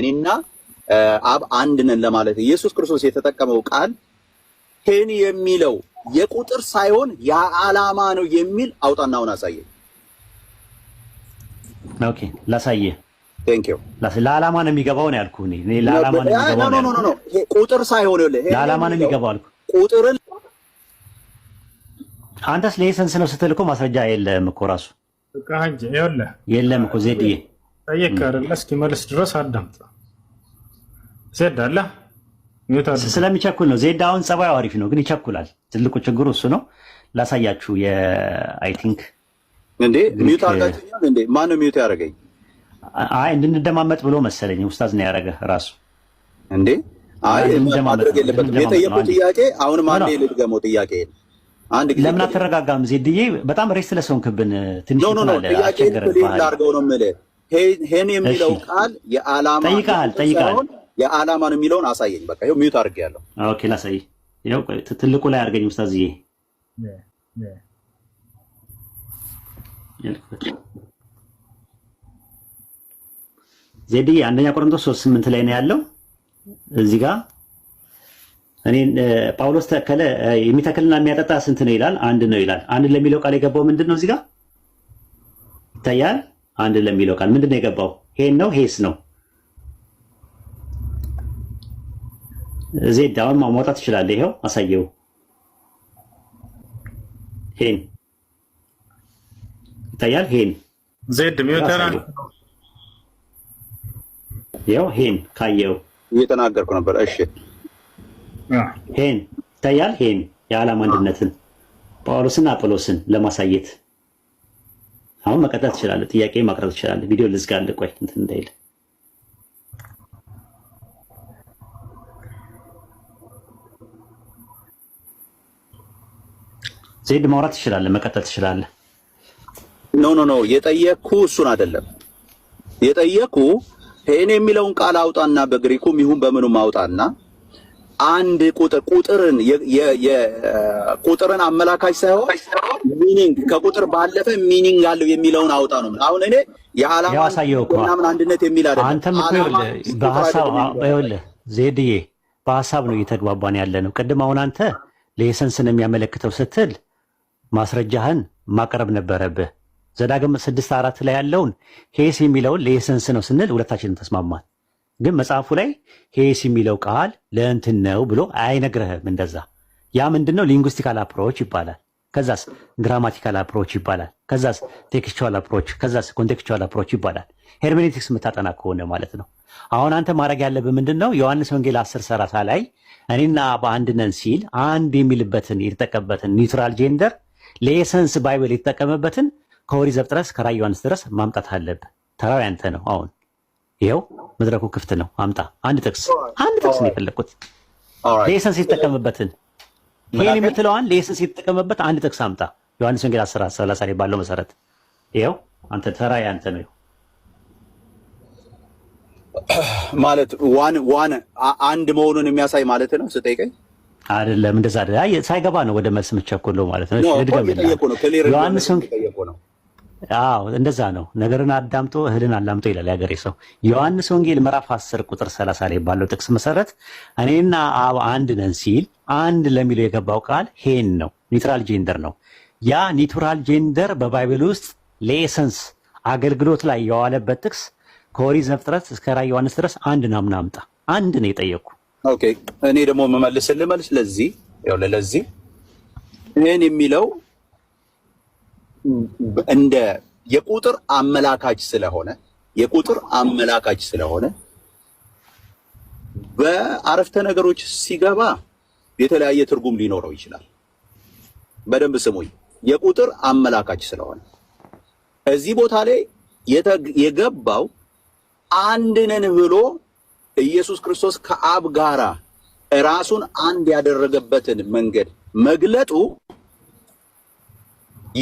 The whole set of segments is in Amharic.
እኔና አብ አንድ ነን ለማለት ኢየሱስ ክርስቶስ የተጠቀመው ቃል ሄን የሚለው የቁጥር ሳይሆን የዓላማ ነው የሚል አውጣናውን አሳየ። ኦኬ ላሳየ ቴንክ ዩ ለዓላማ ነው የሚገባው ነው ያልኩህ። እኔ ለዓላማ ነው የሚገባው ነው ቁጥር ሳይሆን ለዓላማ ነው የሚገባው አልኩህ። ቁጥርን አንተስ ላይሰንስ ነው ስትል እኮ ማስረጃ የለም እኮ ራሱ የለም እኮ ዜድዬ ጠየቅ አይደለ መልስ ድረስ አዳምጣ ዜድ አለ ስለሚቸኩል ነው። ዜድ አሁን ጸባዩ አሪፍ ነው፣ ግን ይቸኩላል። ትልቁ ችግሩ እሱ ነው። ላሳያችሁ የአይ ቲንክ እንዴ ሚዩት እንዴ? ሚዩት ያደረገኝ? አይ እንድንደማመጥ ብሎ መሰለኝ ኡስታዝ ነው ያደረገ ራሱ እንዴ። አይ ማድረግ የለበትም ጥያቄ። ልድገመው ጥያቄ? አንድ ጊዜ ለምን አትረጋጋም ዜድዬ? በጣም ሬስ ስለሰውንክብን ትንሽ ጥያቄ ላድርገው ነው የምልህ። ሄን የሚለው ቃል የዓላማ ጠይቀሃል ጠይቀሃል የዓላማ ነው የሚለውን አሳየኝ። በቃ ይኸው ሚዩት አድርጌ ያለው ኦኬ፣ ላሳይ። ይኸው ትልቁ ላይ አድርገኝ ኡስታዝዬ። ዜድዬ አንደኛ ቆሮንቶስ ሶስት ስምንት ላይ ነው ያለው። እዚህ ጋር እኔ ጳውሎስ ተከለ የሚተክልና የሚያጠጣ ስንት ነው ይላል? አንድ ነው ይላል። አንድ ለሚለው ቃል የገባው ምንድን ነው? እዚህ ጋር ይታያል። አንድ ለሚለው ቃል ምንድን ነው የገባው? ሄን ነው ሄስ ነው ዜድ አሁን ማውጣት ትችላለህ። ይኸው አሳየው። ሄን ይታያል። ሄን ዜድ ሚውተራ ይኸው ሄን ካየው እየተናገርኩ ነበር። እሺ ሄን ይታያል። ሄን የዓላማ አንድነትን ጳውሎስና አጵሎስን ለማሳየት አሁን መቀጠል ትችላለህ። ጥያቄ ማቅረብ ትችላለህ። ቪዲዮ ልዝጋለህ። ቆይ እንትን እንዳይል ዘይድ ማውራት ትችላለህ፣ መቀጠል ትችላለህ። ኖ ኖ ኖ የጠየቅኩ እሱን አይደለም የጠየቅኩ ሄን የሚለውን ቃል አውጣና በግሪኩም ይሁን በምኑም አውጣና አንድ ቁጥር ቁጥርን ቁጥርን አመላካች ሳይሆን ሚኒንግ ከቁጥር ባለፈ ሚኒንግ አለው የሚለውን አውጣ ነው። አሁን እኔ የዓላማ አንድነት የሚል አይደለም። አንተም ይኸውልህ ዜድዬ በሀሳብ ነው እየተግባባን ያለ ነው። ቅድም አሁን አንተ ሌሰንስን የሚያመለክተው ስትል ማስረጃህን ማቅረብ ነበረብህ። ዘዳግም ስድስት አራት ላይ ያለውን ሄስ የሚለውን ለየሰንስ ነው ስንል ሁለታችንን ተስማማል። ግን መጽሐፉ ላይ ሄስ የሚለው ቃል ለእንትን ነው ብሎ አይነግረህም። እንደዛ ያ ምንድን ነው? ሊንጉስቲካል አፕሮች ይባላል። ከዛስ ግራማቲካል አፕሮች ይባላል። ከዛስ ቴክስቹዋል አፕሮች፣ ከዛስ ኮንቴክስቹዋል አፕሮች ይባላል። ሄርሜኔቲክስ የምታጠና ከሆነ ማለት ነው። አሁን አንተ ማድረግ ያለብህ ምንድን ነው? ዮሐንስ ወንጌል አስር ሰላሳ ላይ እኔና በአንድ ነን ሲል አንድ የሚልበትን የተጠቀበትን ኒውትራል ጄንደር ለኤሰንስ ባይብል የተጠቀመበትን ከኦሪት ዘፍጥረት ከራይ ዮሐንስ ድረስ ማምጣት አለብህ። ተራው ያንተ ነው። አሁን ይኸው መድረኩ ክፍት ነው። አምጣ። አንድ ጥቅስ አንድ ጥቅስ ነው የፈለግኩት፣ ለኤሰንስ የተጠቀመበትን ይህን የምትለዋን ለኤሰንስ የተጠቀመበት አንድ ጥቅስ አምጣ። ዮሐንስ ወንጌል 10 ሰላሳ ላይ ባለው መሰረት ይኸው አንተ ተራ ያንተ ነው። ማለት ዋን ዋን አንድ መሆኑን የሚያሳይ ማለት ነው ስጠይቀኝ አይደለም እንደዛ አይደለም። ሳይገባ ነው ወደ መልስ የምትቸኩለው ማለት ነው። ልድገምልህ። አዎ እንደዛ ነው። ነገርን አዳምጦ እህልን አላምጦ ይላል የሀገሬ ሰው። ዮሐንስ ወንጌል ምዕራፍ 10 ቁጥር 30 ላይ ባለው ጥቅስ መሰረት እኔና አብ አንድ ነን ሲል አንድ ለሚለው የገባው ቃል ሄን ነው፣ ኒውትራል ጄንደር ነው። ያ ኒውትራል ጄንደር በባይብል ውስጥ ለኤሰንስ አገልግሎት ላይ የዋለበት ጥቅስ ከኦሪት ዘፍጥረት እስከ ራዕየ ዮሐንስ ድረስ አንድ ናምናምጣ አንድ ነው የጠየቅኩ ኦኬ እኔ ደግሞ መመልስልህ መልስ ለዚህ ያው ለዚህ ይህን የሚለው እንደ የቁጥር አመላካች ስለሆነ የቁጥር አመላካች ስለሆነ በአረፍተ ነገሮች ሲገባ የተለያየ ትርጉም ሊኖረው ይችላል። በደንብ ስሙኝ። የቁጥር አመላካች ስለሆነ እዚህ ቦታ ላይ የገባው አንድ ነን ብሎ ኢየሱስ ክርስቶስ ከአብ ጋራ ራሱን አንድ ያደረገበትን መንገድ መግለጡ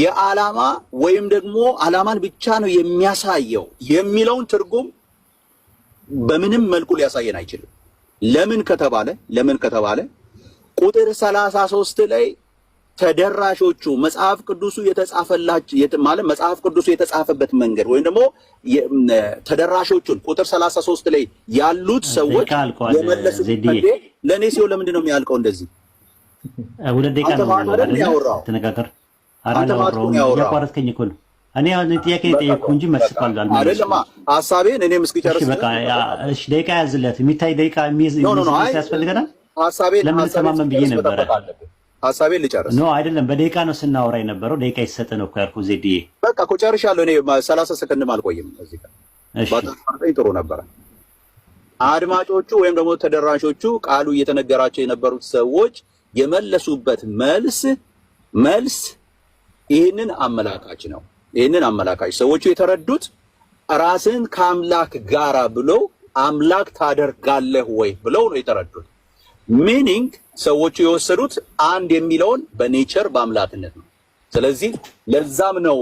የዓላማ ወይም ደግሞ ዓላማን ብቻ ነው የሚያሳየው የሚለውን ትርጉም በምንም መልኩ ሊያሳየን አይችልም። ለምን ከተባለ ለምን ከተባለ ቁጥር ሰላሳ ሶስት ላይ ተደራሾቹ መጽሐፍ ቅዱሱ የተጻፈላቸው ማለት መጽሐፍ ቅዱሱ የተጻፈበት መንገድ ወይም ደግሞ ተደራሾቹን ቁጥር 33 ላይ ያሉት ሰዎች የመለሱ ለእኔ ሲሆን ለምንድን ነው የሚያልቀው? እንደዚህ ሁለት ደቂቃ ነው ያወራው። ተነጋገር ያቋረጥከኝ እኮ ነው። እኔ ጥያቄ የጠየቅኩህ እንጂ መልስ እኮ አይደለም። ሀሳቤን እኔም እስኪጨርስ ደቂቃ ያዝለት የሚታይ ደቂቃ ያስፈልገናል። ለምን ተማመን ብዬ ነበረ ሀሳቤ ልጨርስ ኖ አይደለም፣ በደቂቃ ነው ስናወራ የነበረው። ደቂቃ ይሰጥ ነው ያልኩ ዜድዬ። በቃ እኮ ጨርሻለሁ እኔ ሰላሳ ሰከንድም አልቆይም። እዚህ ጋር ጥሩ ነበረ። አድማጮቹ ወይም ደግሞ ተደራሾቹ ቃሉ እየተነገራቸው የነበሩት ሰዎች የመለሱበት መልስ መልስ ይህንን አመላካች ነው። ይህንን አመላካች ሰዎቹ የተረዱት ራስን ከአምላክ ጋራ ብለው አምላክ ታደርጋለህ ወይ ብለው ነው የተረዱት። ሚኒንግ ሰዎቹ የወሰዱት አንድ የሚለውን በኔቸር በአምላክነት ነው። ስለዚህ ለዛም ነው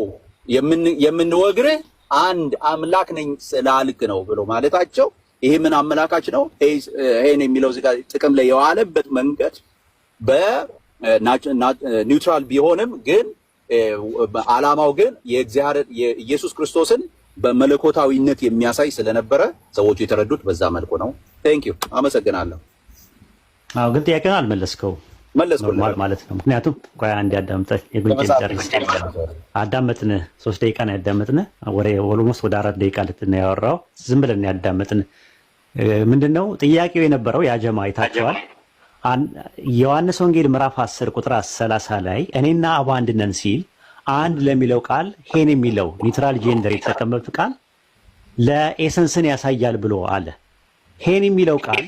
የምንወግር አንድ አምላክ ነኝ ስላልክ ነው ብሎ ማለታቸው። ይሄ ምን አመላካች ነው? ይሄን የሚለው እዚህ ጋር ጥቅም ላይ የዋለበት መንገድ በኒውትራል ቢሆንም ግን አላማው ግን የኢየሱስ ክርስቶስን በመለኮታዊነት የሚያሳይ ስለነበረ ሰዎቹ የተረዱት በዛ መልኩ ነው። ቴንክ ዩ አመሰግናለሁ። አዎ ግን ጥያቄውን አልመለስከው መለስኩልህ ማለት ነው። ምክንያቱም ቆይ አንድ ያዳምጠህ የጉንጭን ጨርስ አዳመጥንህ። ሶስት ደቂቃ ነው ያዳመጥንህ። ወደ ኦልሞስት ወደ አራት ደቂቃ ልትና ያወራው ዝም ብለን ያዳመጥንህ። ምንድን ነው ጥያቄው የነበረው ያጀማ ይታቸዋል። ዮሐንስ ወንጌል ምዕራፍ 10 ቁጥር 30 ላይ እኔና አብ አንድ ነን ሲል አንድ ለሚለው ቃል ሄን የሚለው ኒውትራል ጄንደር የተጠቀመበት ቃል ለኤሰንስን ያሳያል ብሎ አለ። ሄን የሚለው ቃል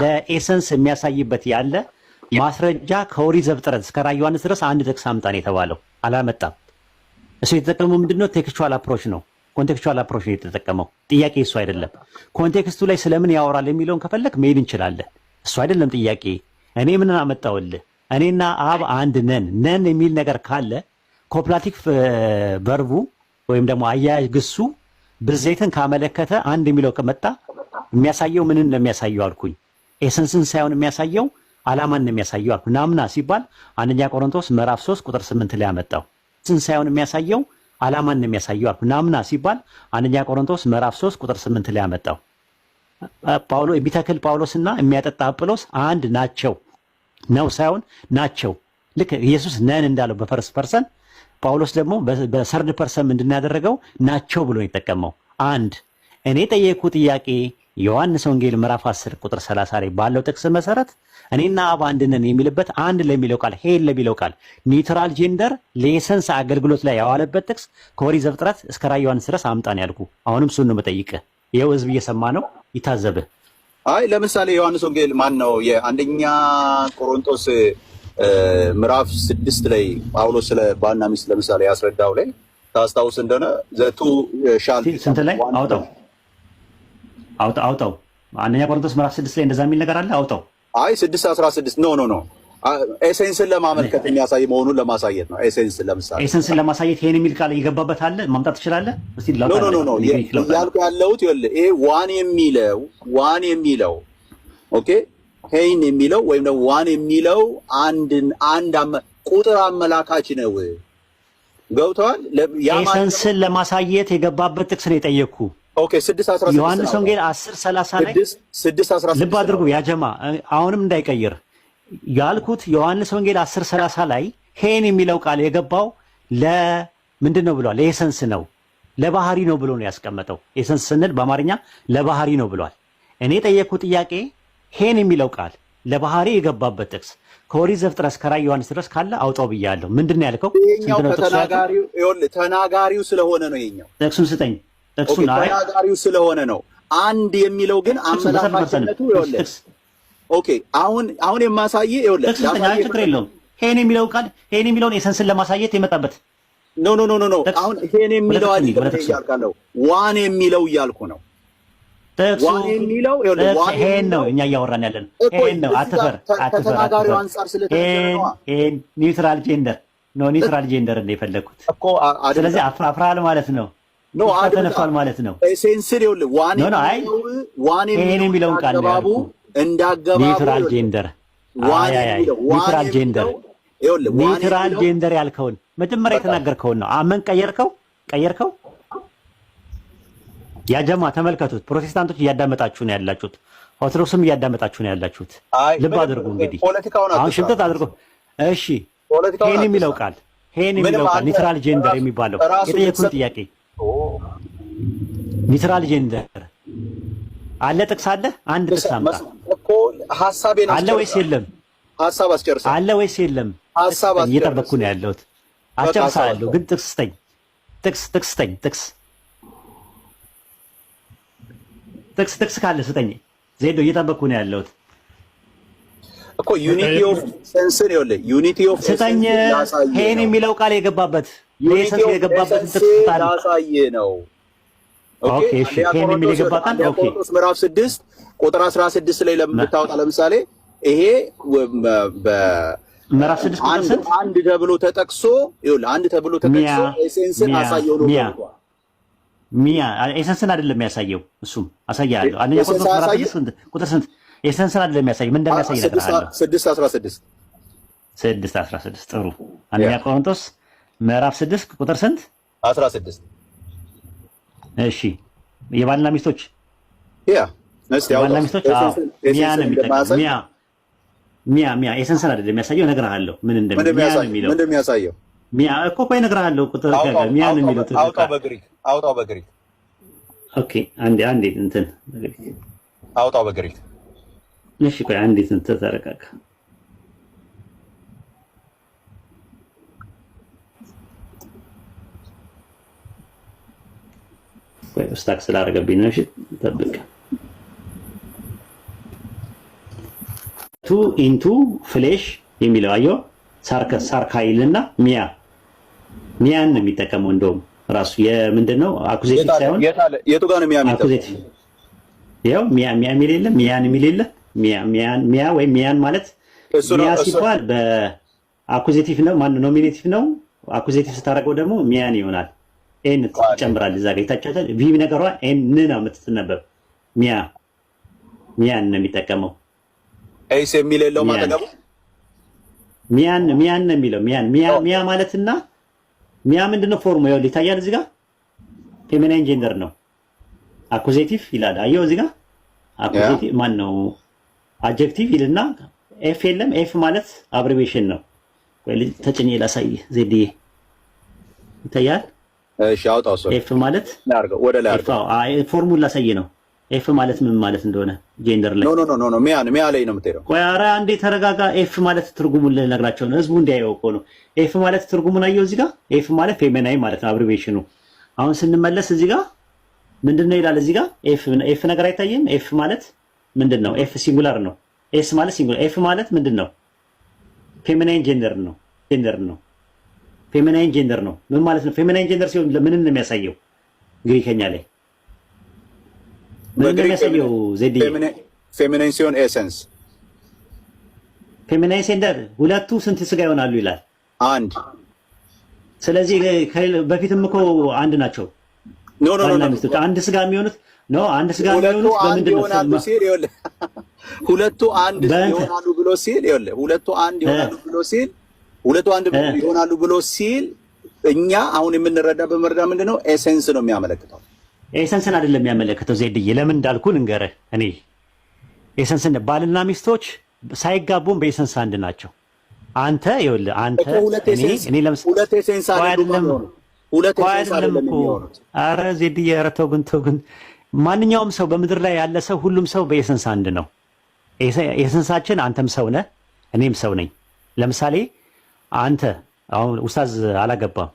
ለኤሰንስ የሚያሳይበት ያለ ማስረጃ ከኦሪት ዘፍጥረት እስከ ራዕየ ዮሐንስ ድረስ አንድ ጥቅስ አምጣን የተባለው አላመጣም። እሱ የተጠቀመው ምንድነው? ቴክስቹዋል አፕሮች ነው። ኮንቴክስቹዋል አፕሮች ነው የተጠቀመው። ጥያቄ እሱ አይደለም። ኮንቴክስቱ ላይ ስለምን ያወራል የሚለውን ከፈለክ መሄድ እንችላለን። እሱ አይደለም ጥያቄ። እኔ ምን አመጣውልህ? እኔና አብ አንድ ነን ነን የሚል ነገር ካለ ኮፕላቲክ ቨርቡ ወይም ደግሞ አያያዥ ግሱ ብዜትን ካመለከተ አንድ የሚለው ከመጣ የሚያሳየው ምንን እንደሚያሳየው አልኩኝ። ኤሰንስን ሳይሆን የሚያሳየው አላማን እንደሚያሳየው የሚያሳየው አልኩኝ። ናምና ሲባል አንደኛ ቆሮንቶስ ምዕራፍ 3 ቁጥር 8 ላይ አመጣው። ኤሰንስን ሳይሆን የሚያሳየው አላማን እንደሚያሳየው የሚያሳየው አልኩኝ። ናምና ሲባል አንደኛ ቆሮንቶስ ምዕራፍ 3 ቁጥር 8 ላይ አመጣው። ጳውሎ የሚተክል ጳውሎስና የሚያጠጣ አጵሎስ አንድ ናቸው ነው ሳይሆን ናቸው። ልክ ኢየሱስ ነን እንዳለው በፈርስ ፐርሰን ጳውሎስ ደግሞ በሰርድ ፐርሰን ምንድን ያደረገው ናቸው ብሎ የጠቀመው አንድ እኔ ጠየቁ ጥያቄ ዮሐንስ ወንጌል ምዕራፍ 10 ቁጥር 30 ላይ ባለው ጥቅስ መሰረት እኔና አብ አንድነን የሚልበት አንድ ለሚለው ቃል ሄል ለሚለው ቃል ኒውትራል ጀንደር ሌሰንስ አገልግሎት ላይ ያዋለበት ጥቅስ ከኦሪት ዘፍጥረት እስከ ራዕየ ዮሐንስ ድረስ አምጣን ያልኩ። አሁንም እሱን ነው የምጠይቅህ። ይኸው ህዝብ እየሰማ ነው ይታዘብህ። አይ ለምሳሌ ዮሐንስ ወንጌል ማን ነው የአንደኛ ቆሮንቶስ ምዕራፍ ስድስት ላይ ጳውሎስ ስለ ባልና ሚስት ለምሳሌ ያስረዳው ላይ ታስታውስ እንደሆነ ዘቱ ሻል ስንት ላይ አውጣው አውጣው። አንደኛ ቆሮንቶስ ምዕራፍ ስድስት ላይ እንደዛ የሚል ነገር አለ። አውጣው። አይ ስድስት አስራ ስድስት ኖ ኖ ኖ ኤሴንስን ለማመልከት የሚያሳይ መሆኑን ለማሳየት ነው። ኤሴንስን ለምሳሌ ኤሴንስን ለማሳየት ይሄን የሚል ቃል የገባበት አለ ማምጣት ትችላለህ። ያልኩ ያለሁት ይሄ ዋን የሚለው ዋን የሚለው ኦኬ ሄይን የሚለው ወይም ደግሞ ዋን የሚለው አንድን አንድ ቁጥር አመላካች ነው። ገብተዋል። ኤሴንስን ለማሳየት የገባበት ጥቅስ ነው የጠየቅኩ ዮሐንስ ወንጌል አስር ሰላሳ ላይ ልብ አድርጉ ያጀማ አሁንም እንዳይቀይር ያልኩት ዮሐንስ ወንጌል አስር ሰላሳ ላይ ሄን የሚለው ቃል የገባው ለምንድን ነው ብሏል። ኤሰንስ ነው ለባህሪ ነው ብሎ ነው ያስቀመጠው። ኤሰንስ ስንል በአማርኛ ለባህሪ ነው ብሏል። እኔ የጠየቅኩት ጥያቄ ሄን የሚለው ቃል ለባህሪ የገባበት ጥቅስ ከኦሪት ዘፍጥረት እስከ ራዕየ ዮሐንስ ድረስ ካለ አውጣው ብያለሁ። ምንድን ነው ያልከው? ተናጋሪው ስለሆነ ነው የኛው ጥቅሱን ስጠኝ ተናጋሪው ስለሆነ ነው። አንድ የሚለው ግን አመላካችነቱ ኦኬ አሁን አሁን የማሳየ ይኸውልህ፣ ችግር የለውም ሄን የሚለው ቃል ሄን የሚለውን ኤሰንስን ለማሳየት የመጣበት ኖ ኖ ኖ ኖ። አሁን ሄን የሚለው አይደለም እያልካለሁ፣ ዋን የሚለው እያልኩ ነው። ዋን የሚለው ይኸውልህ፣ ዋን ሄን ነው እኛ እያወራን ያለን ሄን ነው። አትፈር አትፈር አትፈር። ሄን ሄን ኒውትራል ጄንደር ኖ ኒውትራል ጄንደር እንደ የፈለግኩት ስለዚህ አፍራፍራል ማለት ነው። ተነሷል ማለት ነው። ሴንስር ይኸውልህ ዋን የሚለውን ቃል አገባቡ እንዳገባቡ ኒውትራል ጄንደር ኒውትራል ጄንደር ኒውትራል ጄንደር ያልከውን መጀመሪያ የተናገርከውን ነው። አመን ቀየርከው ቀየርከው። ያጀማ ተመልከቱት። ፕሮቴስታንቶች እያዳመጣችሁ ነው ያላችሁት፣ ኦርቶዶክስም እያዳመጣችሁ ነው ያላችሁት። ልብ አድርጉ። እንግዲህ አሁን ሽምጠት አድርጎ እሺ፣ ሄን የሚለው ቃል ሄን የሚለው ቃል ኒውትራል ጄንደር የሚባለው የጠየኩን ጥያቄ ሊትራል ጀንደር አለ ጥቅስ አለ። አንድ ጥቅስ አምጣ እኮ ሐሳቤን አለ ወይስ የለም? ሐሳብ አስጨርሳለሁ አለ ወይስ የለም? ሐሳብ አስጨርሳለሁ እየጠበኩ ነው ያለሁት። አስጨርሳለሁ ግን ጥቅስ ስጠኝ፣ ጥቅስ ጥቅስ ስጠኝ፣ ጥቅስ ጥቅስ ጥቅስ ካለ ስጠኝ። ዜዶ እየጠበኩ ነው ያለሁት እኮ ዩኒቲ ኦፍ ሰንስን ይወለ ዩኒቲ ኦፍ ስጠኝ። ሄን የሚለው ቃል የገባበት ሌሰንስ የገባበት ጥቅስ ታዲያ ነው ቆሮንቶስ ምዕራፍ ስድስት ቁጥር አስራ ስድስት ላይ ብታወጣ ለምሳሌ ይሄ አንድ ተብሎ ተጠቅሶ አንድ ተብሎ ተጠቅሶ ሚያ ኤሰንስን አይደለም የሚያሳየው። እሱም አሳያለሁ። አንደኛ ቆሮንቶስ ምዕራፍ ስድስት ቁጥር ስንት ኤሰንስን አይደለም የሚያሳየው ምን እንደሚያሳይ እነግርሃለሁ። ስድስት አስራ ስድስት ስድስት አስራ ስድስት ጥሩ። አንደኛ ቆሮንቶስ ምዕራፍ ስድስት ቁጥር ስንት አስራ ስድስት እሺ የባልና ሚስቶች ያ እስቲ ሚስቶች ሚያ ነው ሚያ ሚያ ሚያ አይደለም የሚያሳየው፣ እነግርሃለሁ ምን እንደሚያሳየው ሚያ እኮ ቆይ እነግርሃለሁ። ቁጥር ሚያ ነው የሚለው አውጣው፣ በግሪክ አውጣው፣ በግሪክ ኦኬ። አንዴ አንዴ እንትን አውጣው፣ በግሪክ እሺ። ቆይ አንዴ እንትን ተረጋጋ ስታክ ስላደረገብኝ ነው። እሺ ጠብቅ። ቱ ኢንቱ ፍሌሽ የሚለው አየው ሳርከስ እና ሚያ ሚያን ነው የሚጠቀመው። እንደውም ራሱ የምንድን ነው አኩዜቲቭ ሳይሆን የቱ ጋር ነው ሚያ የሚጠቀመው? ያው ሚያ ሚያ የሚል የለም ሚያን የሚል የለም ሚያ ሚያን ሚያ ሚያን ማለት ሚያ ሲባል በአኩዜቲቭ ነው ማን ኖሚኔቲቭ ነው። አኩዜቲቭ ስታደርገው ደግሞ ሚያን ይሆናል። ኤን ትጨምራል እዛ ጋር የታጫታል ቪቪ ነገሯ ኤን ነው የምትነበብ። ሚያ ሚያን ነው የሚጠቀመው። ኤስ የሚል የለው ማጠቀሙ ሚያን ሚያን ነው የሚለው። ሚያን ሚያ ማለትና ሚያ ምንድነው ፎርሙ? ይኸውልህ ይታያል እዚህ ጋር ፌሚናይን ጀንደር ነው። አኩዜቲቭ ይላል። አየው እዚህ ጋር አኩዜቲቭ ማን ነው? አጀክቲቭ ይልና ኤፍ የለም። ኤፍ ማለት አብሪቬሽን ነው። ወይ ተጭኔ ላሳይ ዜዴ ይታያል እሺ አውጣው። ሰው ኤፍ ማለት ወደ ላይ አድርገው። አይ ፎርሙላ ሰይ ነው። ኤፍ ማለት ምን ማለት እንደሆነ ጄንደር ላይ ኖ ኖ ኖ ኖ ሚያ ነው ሚያ ላይ ነው የምትሄደው። ቆይ ኧረ አንዴ ተረጋጋ። ኤፍ ማለት ትርጉሙን ልነግራቸው ነው ህዝቡ እንዲያየው እኮ ነው። ኤፍ ማለት ትርጉሙን አየው እዚህ ጋር። ኤፍ ማለት ፌሜናይ ማለት ነው አብሪቬሽኑ። አሁን ስንመለስ እዚህ ጋር ምንድን ነው ይላል እዚህ ጋር ኤፍ ኤፍ ነገር አይታየም። ኤፍ ማለት ምንድን ነው? ኤፍ ሲንጉላር ነው። ኤስ ማለት ሲንጉላር ኤፍ ማለት ምንድን ነው? ፌሜናይን ጄንደር ነው ጄንደር ነው ፌሚናይን ጀንደር ነው። ምን ማለት ነው? ፌሚናይን ጀንደር ሲሆን ምንን ነው የሚያሳየው? ግሪከኛ ላይ ምንን ነው የሚያሳየው? ዜድዬ ፌሚናይን ሲሆን ኤሰንስ ፌሚናይን ጀንደር ሁለቱ ስንት ስጋ ይሆናሉ ይላል አንድ። ስለዚህ በፊትም እኮ አንድ ናቸው። አንድ ስጋ የሚሆኑት ነው። አንድ ስጋ የሚሆኑት በምንድን ነው ሲል ሁለቱ አንድ ይሆናሉ ብሎ ሲል ሁለቱ አንድ ይሆናሉ ብሎ ሲል ሁለቱ አንድ ይሆናሉ ብሎ ሲል እኛ አሁን የምንረዳ በመረዳ ምንድነው ኤሰንስ ነው የሚያመለክተው። ኤሰንስን አይደለም የሚያመለክተው። ዜድዬ ለምን እንዳልኩ ንገረህ። እኔ ኤሰንስን ባልና ሚስቶች ሳይጋቡም በኤሰንስ አንድ ናቸው። አንተ ይኸውልህ፣ አንተ እኔ ሁለት ኤሰንስ አይደለም አይደለም የሚሆኑት። ኧረ ዜድዬ፣ ኧረ ተው ግን ተው ግን። ማንኛውም ሰው በምድር ላይ ያለ ሰው ሁሉም ሰው በኤሰንስ አንድ ነው። ኤሰንሳችን አንተም ሰው ነህ፣ እኔም ሰው ነኝ። ለምሳሌ አንተ አሁን ኡስታዝ አላገባም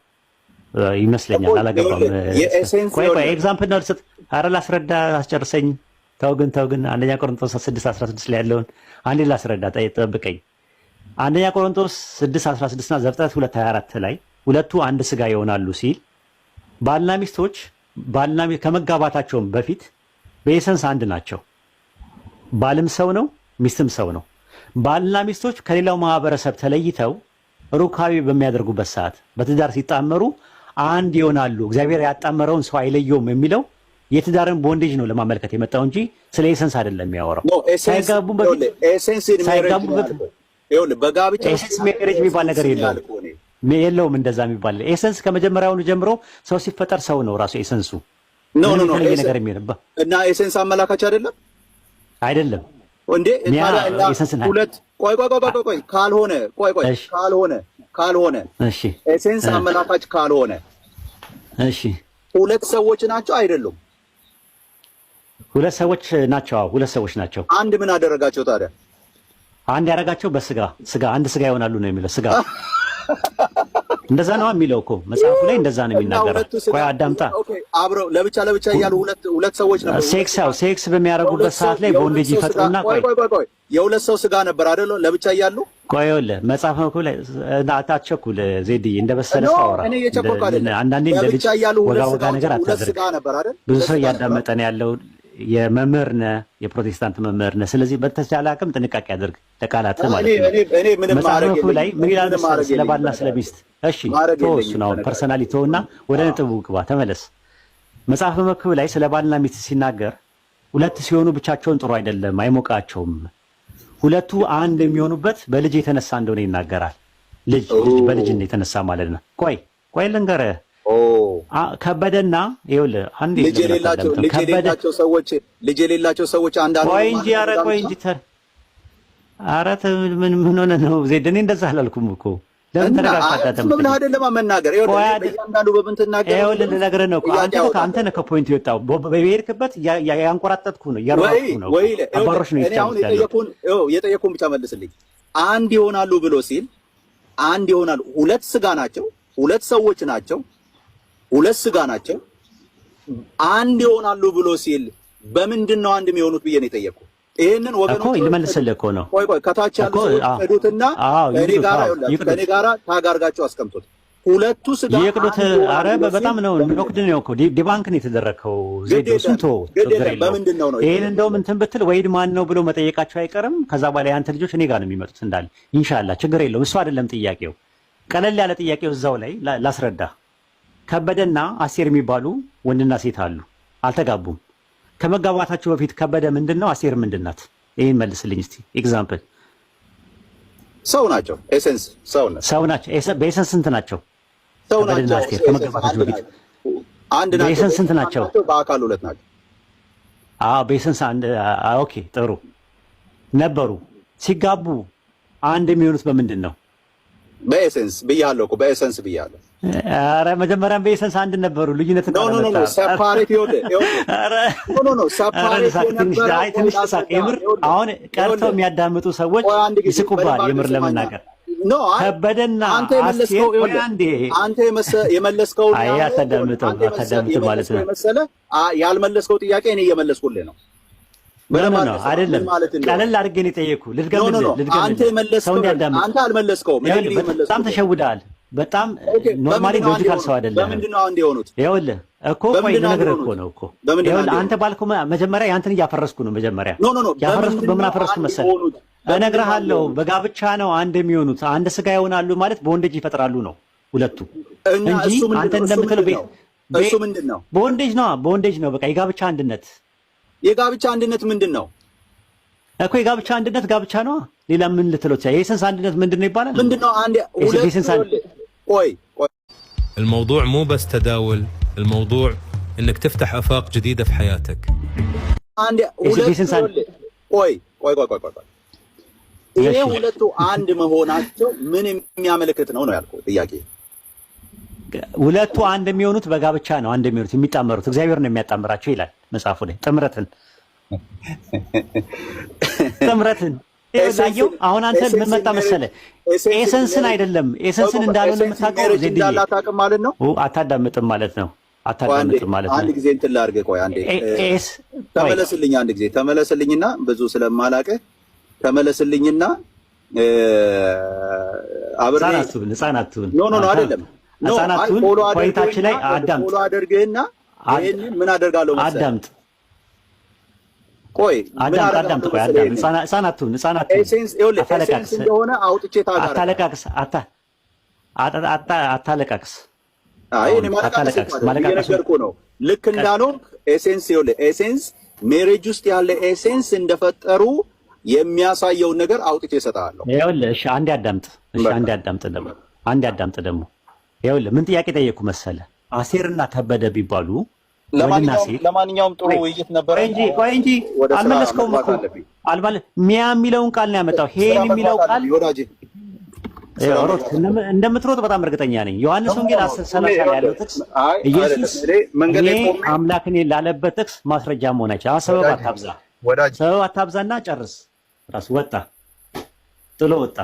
ይመስለኛል። አላገባም ቆይ ኤግዛምፕል ነው ልስጥ። አረ ላስረዳ፣ አስጨርሰኝ። ተው ግን ተው ግን አንደኛ ቆሮንቶስ 6 16 ላይ ያለውን አንዴ ላስረዳ፣ ጠብቀኝ። አንደኛ ቆሮንቶስ 6 16 እና ዘፍጥረት 2 24 ላይ ሁለቱ አንድ ስጋ ይሆናሉ ሲል ባልና ሚስቶች ባልና ከመጋባታቸውም በፊት በኤሰንስ አንድ ናቸው። ባልም ሰው ነው፣ ሚስትም ሰው ነው። ባልና ሚስቶች ከሌላው ማህበረሰብ ተለይተው ሩካቢ በሚያደርጉበት ሰዓት በትዳር ሲጣመሩ አንድ ይሆናሉ። እግዚአብሔር ያጣመረውን ሰው አይለየውም የሚለው የትዳርን ቦንዴጅ ነው ለማመልከት የመጣው እንጂ ስለ ኤሰንስ አይደለም የሚያወራው። ኤሰንስ ሜሬጅ የሚባል ነገር የለውም፣ እንደዛ የሚባል ኤሰንስ ከመጀመሪያውኑ ጀምሮ ሰው ሲፈጠር ሰው ነው ራሱ ኤሰንሱ። ነገር የሚሆንባ እና ኤሰንስ አመላካች አይደለም አይደለም እንዴ ሁለት ቆይ ቆይ ቆይ ቆይ ካልሆነ ቆይ ቆይ ካልሆነ ካልሆነ እሺ ኤሴንስ አመላካች ካልሆነ እሺ ሁለት ሰዎች ናቸው አይደሉም? ሁለት ሰዎች ናቸው። አዎ ሁለት ሰዎች ናቸው። አንድ ምን አደረጋቸው ታዲያ? አንድ ያደረጋቸው በስጋ ስጋ አንድ ስጋ ይሆናሉ ነው የሚለው ስጋ እንደዛ ነው የሚለው እኮ መጽሐፉ ላይ እንደዛ ነው የሚናገረው። ቆይ አዳምጣ። አብረው ለብቻ ለብቻ እያሉ ሁለት ሁለት ሰዎች ነበር። ሴክስ ያው ሴክስ በሚያደርጉበት ሰዓት ላይ ቦንዴጅ ይፈጥሩና ቆይ ቆይ የሁለት ሰው ስጋ ነበር አይደል? ለብቻ እያሉ ቆይ ወለ መጽሐፍ እኮ ላይ አታቸኩል ዜድዬ፣ እንደበሰለ ሰው እኔ የቸኮልኩ አይደል? አንዳንዴ እንደ ልጅ ወጋ ወጋ ነገር አታደርግ። ብዙ ሰው እያዳመጠ ነው ያለው የመምህርነ የፕሮቴስታንት መምህርነ። ስለዚህ በተቻለ አቅም ጥንቃቄ አድርግ ለቃላት ማለትነውመጽሐፉ ላይ ምን ይላል? ስለ ባልና ስለ ሚስት። እሺ ተወው እሱን አሁን ፐርሰናሊ ተውና ወደ ነጥቡ ግባ ተመለስ። መጽሐፍ መክብብ ላይ ስለ ባልና ሚስት ሲናገር ሁለት ሲሆኑ ብቻቸውን ጥሩ አይደለም፣ አይሞቃቸውም። ሁለቱ አንድ የሚሆኑበት በልጅ የተነሳ እንደሆነ ይናገራል። ልጅ በልጅ የተነሳ ማለት ነው። ቆይ ቆይ ልንገርህ ከበደና ይኸውልህ አንድ ልጅ የሌላቸው ሰዎች ልጅ የሌላቸው ሰዎች አንድ አንድ እንጂ ኧረ ቆይ እንጂ ተር ኧረ ምን ምን ነው ዜድ? እኔ እንደዛ አላልኩም እኮ ለምን ተረጋጋታተም ምን አይደለም መናገር ይወዳሉ በምን ልነግርህ ነው እኮ አንተ አንተ ነህ ከፖይንት የወጣው ነው ነው ወይ ነው ብቻ መልስልኝ። አንድ ይሆናሉ ብሎ ሲል አንድ ይሆናሉ ሁለት ስጋ ናቸው፣ ሁለት ሰዎች ናቸው ሁለት ስጋ ናቸው አንድ ይሆናሉ ብሎ ሲል በምንድን ነው አንድ የሚሆኑት ብዬ ነው የጠየቁ። ይህንን ወገኖች ልመልስልህ እኮ ነው። ቆይ ቆይ ከታች ያሉ ሄዱትና እኔ ጋራ ጋራ ታጋርጋቸው አስቀምጡት። ሁለቱ ስጋ ይቅዱት። አረ በጣም ነው የሚወቅድ ነው እኮ ዲባንክ ነው የተደረከው። ዜዶ ስንቶ በምንድን ነው ነው ይህን እንደውም እንትን ብትል ወይድ ማን ነው ብሎ መጠየቃቸው አይቀርም። ከዛ በኋላ የአንተ ልጆች እኔ ጋር ነው የሚመጡት እንዳለ ኢንሻላህ፣ ችግር የለውም። እሱ አይደለም ጥያቄው፣ ቀለል ያለ ጥያቄው እዛው ላይ ላስረዳ ከበደና አሴር የሚባሉ ወንድና ሴት አሉ። አልተጋቡም። ከመጋባታቸው በፊት ከበደ ምንድን ነው? አሴር ምንድናት? ይህን መልስልኝ እስኪ። ኤግዛምፕል ሰው ናቸው። ኤሰንስ ሰው ናቸው። በኤሰንስ ስንት ናቸው? ከበደና አሴር ከመጋባታቸው በፊት በኤሰንስ ስንት ናቸው? በአካል ሁለት ናቸው። በኤሰንስ ኦኬ፣ ጥሩ ነበሩ። ሲጋቡ አንድ የሚሆኑት በምንድን ነው? በኤሰንስ ብያለሁ እኮ በኤሰንስ ብያለሁ አረ መጀመሪያም በኢሰንስ አንድ ነበሩ። ልዩነት ነው ነው ነው ይወደ ትንሽ የምር አሁን ቀርተው የሚያዳምጡ ሰዎች ይስቁባል። የምር ለመናገር ኖ ከበደና አንተ የመለስከው አይ አታዳምጡ ማለት ነው መሰለ ያልመለስከው ጥያቄ እኔ እየመለስኩልህ ነው። አይደለም ቀለል አድርጌ ነው ልድገምልህ ልድገምልህ አንተ አልመለስከውም። በጣም ተሸውደሃል። በጣም ኖርማሊ ሎጂካል ሰው አይደለም። ይኸውልህ እኮ ቆይ ነገር እኮ ነው እኮ አንተ ባልኩህ መጀመሪያ ያንተን እያፈረስኩ ነው። መጀመሪያ ያፈረስኩ በምን አፈረስኩ መሰለህ? እነግርሃለሁ በጋብቻ ነው አንድ የሚሆኑት አንድ ስጋ ይሆናሉ ማለት በወንደጅ ይፈጥራሉ ነው ሁለቱ እንጂ አንተ እንደምትለው እሱ ምንድን ነው? በወንዴጅ ነው በወንዴጅ ነው። በቃ የጋብቻ አንድነት የጋብቻ አንድነት ምንድን ነው እኮ የጋብቻ አንድነት ጋብቻ ነው። ሌላ ምን ልትለው የሴንስ አንድነት ምንድን ነው ይባላል? ምንድን ነው አንድ ሁለት قوي قوي الموضوع مو بس تداول الموضوع انك تفتح افاق جديده في حياتك አንድ ሁለት ቆይ ቆይ ቆይ ቆይ ቆይ ይሄ ሁለቱ አንድ መሆናቸው ምን የሚያመለክት ነው ነው ያልኩህ ጥያቄ። ሁለቱ አንድ የሚሆኑት በጋብቻ ነው አንድ የሚሆኑት የሚጣመሩት እግዚአብሔር ነው የሚያጣምራቸው ይላል መጽሐፉ ላይ ጥምረትን ጥምረትን ዛየው አሁን አንተ ምን መጣ መሰለ ኤሰንስን አይደለም ኤሰንስን እንዳልሆነ የምታውቀው ዜድዬ እንዳላታውቅም ማለት ነው። አታዳምጥም ማለት ነው። አታዳምጥም ማለት ነው። አንድ ጊዜ እንትን ላድርግህ። ቆይ አንዴ ተመለስልኝ፣ አንድ ጊዜ ተመለስልኝና ብዙ ስለማላውቅህ ተመለስልኝና አብሬ ህጻናቱን ህጻናቱን ኖ ኖ ኖ አይደለም ህጻናቱን ቆይታችን ላይ አዳምጥ አደርግህና ይሄንን ምን አደርጋለሁ መሰለህ አዳምጥ ቆይ አዳምጥ፣ ቆይ አዳምጥ። ህጻናቱን ህጻናቱን ኤሴንስ እንደሆነ አውጥቼ ታጋራ። አታለቃቅስ፣ አታለቃቅስ። አይ እኔ ማለቃቀስ ነው። ልክ እንዳልሆንክ ኤሴንስ ይኸውልህ፣ ኤሴንስ ሜሬጅ ውስጥ ያለ ኤሴንስ እንደፈጠሩ የሚያሳየውን ነገር አውጥቼ እሰጥሃለሁ። ይኸውልህ፣ እሺ፣ አንዴ አዳምጥ። እሺ፣ አንዴ አዳምጥ ደግሞ አንዴ አዳምጥ ደግሞ ይኸውልህ፣ ምን ጥያቄ ጠየቅኩ መሰለህ? አሴርና ከበደ ቢባሉ ለማንኛውም ጥሩ ውይይት ነበረ እንጂ ቆይ እንጂ አልመለስከውም እኮ አልባለ ሚያ የሚለውን ቃል ነው ያመጣው። ሄን የሚለው ቃል እንደምትሮጥ በጣም እርግጠኛ ነኝ። ዮሐንስ ወንጌል አስር ሰላሳ ላይ ያለው ጥቅስ ኢየሱስ እኔ አምላክ ነኝ ላለበት ጥቅስ ማስረጃ መሆን አይቻልም። ሰበብ አታብዛ፣ ሰበብ አታብዛና ጨርስ። ራሱ ወጣ ጥሎ ወጣ።